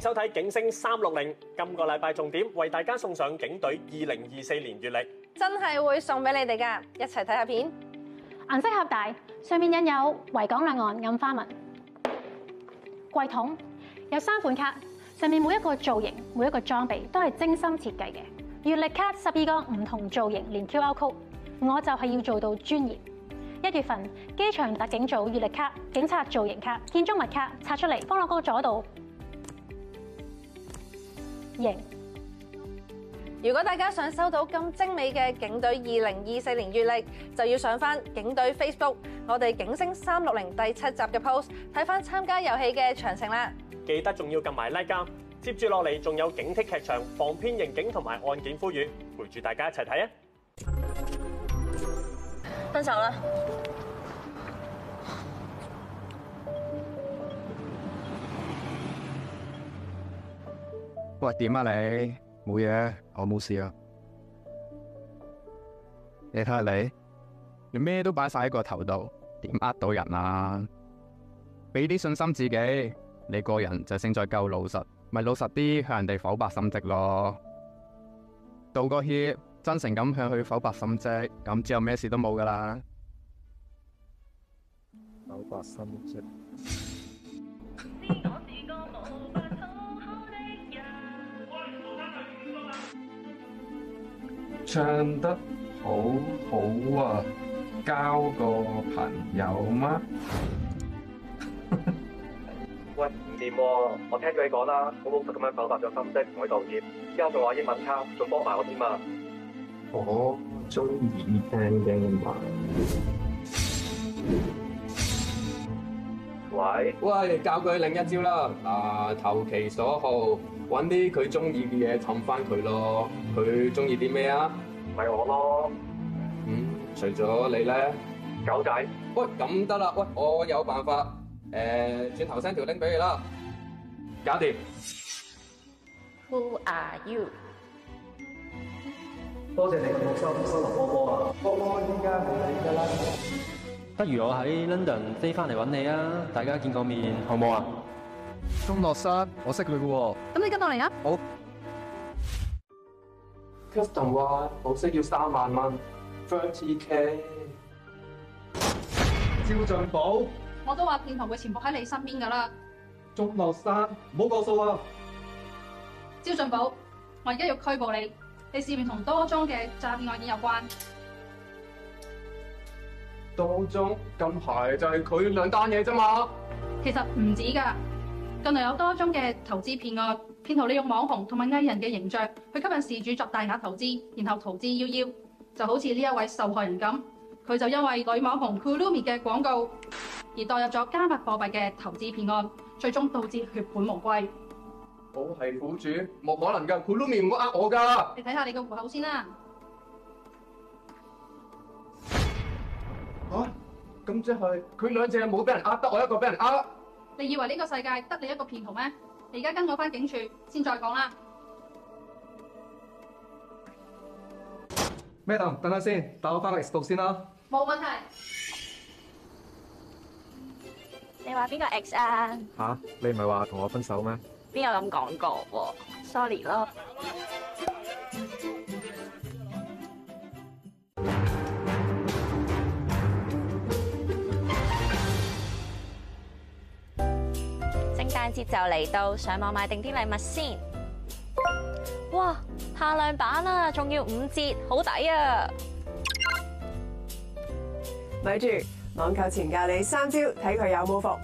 收睇警聲三六零，今個禮拜重點為大家送上警隊二零二四年月曆，真係會送俾你哋噶。一齊睇下片，銀色盒大，上面印有維港兩岸暗花紋。櫃桶有三款卡，上面每一個造型、每一個裝備都係精心設計嘅。月曆卡十二個唔同造型，連 QR Code，我就係要做到專業。一月份機場特警組月曆卡、警察造型卡、建築物卡拆出嚟，放落個袋度。如果大家想收到咁精美嘅警隊二零二四年月曆，就要上返警隊 Facebook，我哋警聲三六零第七集嘅 post，睇返參加遊戲嘅詳情啦。記得仲要撳埋 like 啊！接住落嚟仲有警惕劇場、防騙刑警同埋案件呼籲，陪住大家一齊睇啊！分手啦！喂，點啊你？冇嘢，我冇事啊。你睇下你，你咩都擺晒喺個頭度，點呃到人啊？俾啲信心自己，你個人就勝在夠老實，咪老實啲向人哋剖白心跡咯。道個歉，真誠咁向佢剖白心跡，咁之後咩事都冇噶啦。剖白心跡。唱得好好啊！交個朋友嗎？ 喂，唔掂喎！我聽咗你講啦，好老實咁樣剖白咗心跡，仲去道歉，而家仲話英文差，仲幫埋我添啊！我鍾意聽英文話。喂，喂，教佢另一招啦。嗱、啊，投其所好，揾啲佢中意嘅嘢氹翻佢咯。佢中意啲咩啊？咪、就是、我咯。嗯，除咗你咧？狗仔。喂，咁得啦。喂，我有辦法。誒、欸，轉頭 send 條 link 俾你啦，搞掂。Who are you？多謝，謝你嘅收收留波波啊！波波依家係你噶啦。不如我喺 London 飛翻嚟揾你啊！大家見個面好唔好啊？鍾樂山，我識佢嘅喎。咁你跟落嚟啊！好。Custom 話保釋要三萬蚊，thirty k。趙俊寶，我都話騙徒會潛伏喺你身邊噶啦。鍾樂山，唔好過數啊！趙俊寶，我而家要拘捕你，你涉嫌同多宗嘅詐騙案件有關。當中咁係就係佢兩單嘢啫嘛，其實唔止噶，近來有多宗嘅投資騙案，騙徒利用網紅同埋藝人嘅形象去吸引事主作大額投資，然後逃之夭夭，就好似呢一位受害人咁，佢就因為女網紅 Kurumi 嘅廣告而代入咗加密貨幣嘅投資騙案，最終導致血本無歸。我係苦主，冇可能噶，Kurumi 唔好呃我噶，你睇下你個戶口先啦。咁即係佢兩隻冇俾人呃，得我一個俾人呃。你以為呢個世界得你一個騙徒咩？你而家跟我翻警署先再講啦。Madam？等等先，帶我翻個 X 度先啦。冇問題。你話邊個 X 啊？吓，你唔係話同我分手咩？邊有咁講過？Sorry 咯。聖誕節就嚟到，上網買定啲禮物先。哇，限量版啊，仲要五折，好抵啊！咪住，網購前教你三招，睇佢有冇伏。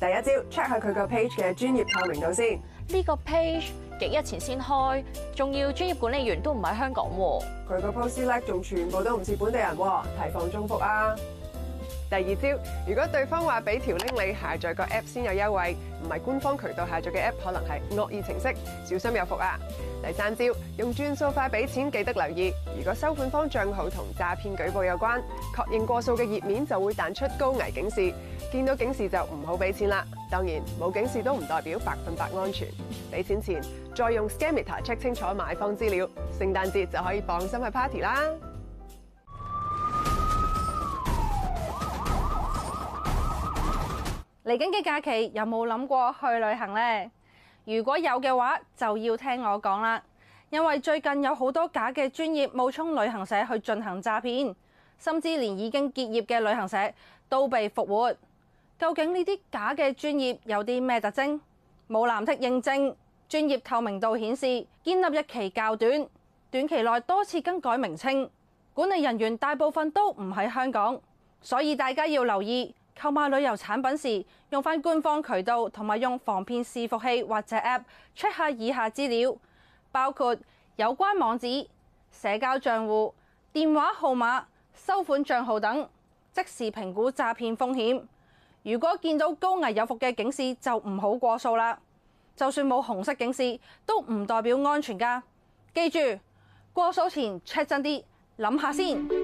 第一招，check 下佢個 page 嘅專業透明度先。呢個 page 幾日前先開，仲要專業管理員都唔喺香港。佢個 post like 仲全部都唔似本地人，提防中伏啊！第二招，如果對方話俾條拎你下載個 app 先有優惠，唔係官方渠道下載嘅 app，可能係惡意程式，小心有伏啊！第三招，用轉數快俾錢，記得留意，如果收款方帳號同詐騙舉報有關，確認過數嘅頁面就會彈出高危警示，見到警示就唔好俾錢啦。當然，冇警示都唔代表百分百安全，俾錢前再用 Scameter check 清楚買方資料，聖誕節就可以放心去 party 啦。嚟緊嘅假期有冇諗過去旅行呢？如果有嘅話，就要聽我講啦。因為最近有好多假嘅專頁冒充旅行社去進行詐騙，甚至連已經結業嘅旅行社都被復活。究竟呢啲假嘅專頁有啲咩特徵？冇藍剔認證，專頁透明度顯示建立日期較短，短期內多次更改名稱，管理人員大部分都唔喺香港，所以大家要留意。購買旅遊產品時，用翻官方渠道同埋用防騙視伏器或者 App check 下以下資料，包括有關網址、社交賬戶、電話號碼、收款賬號等，即時評估詐騙風險。如果見到高危有伏嘅警示，就唔好過數啦。就算冇紅色警示，都唔代表安全噶。記住，過數前 check 真啲，諗下先。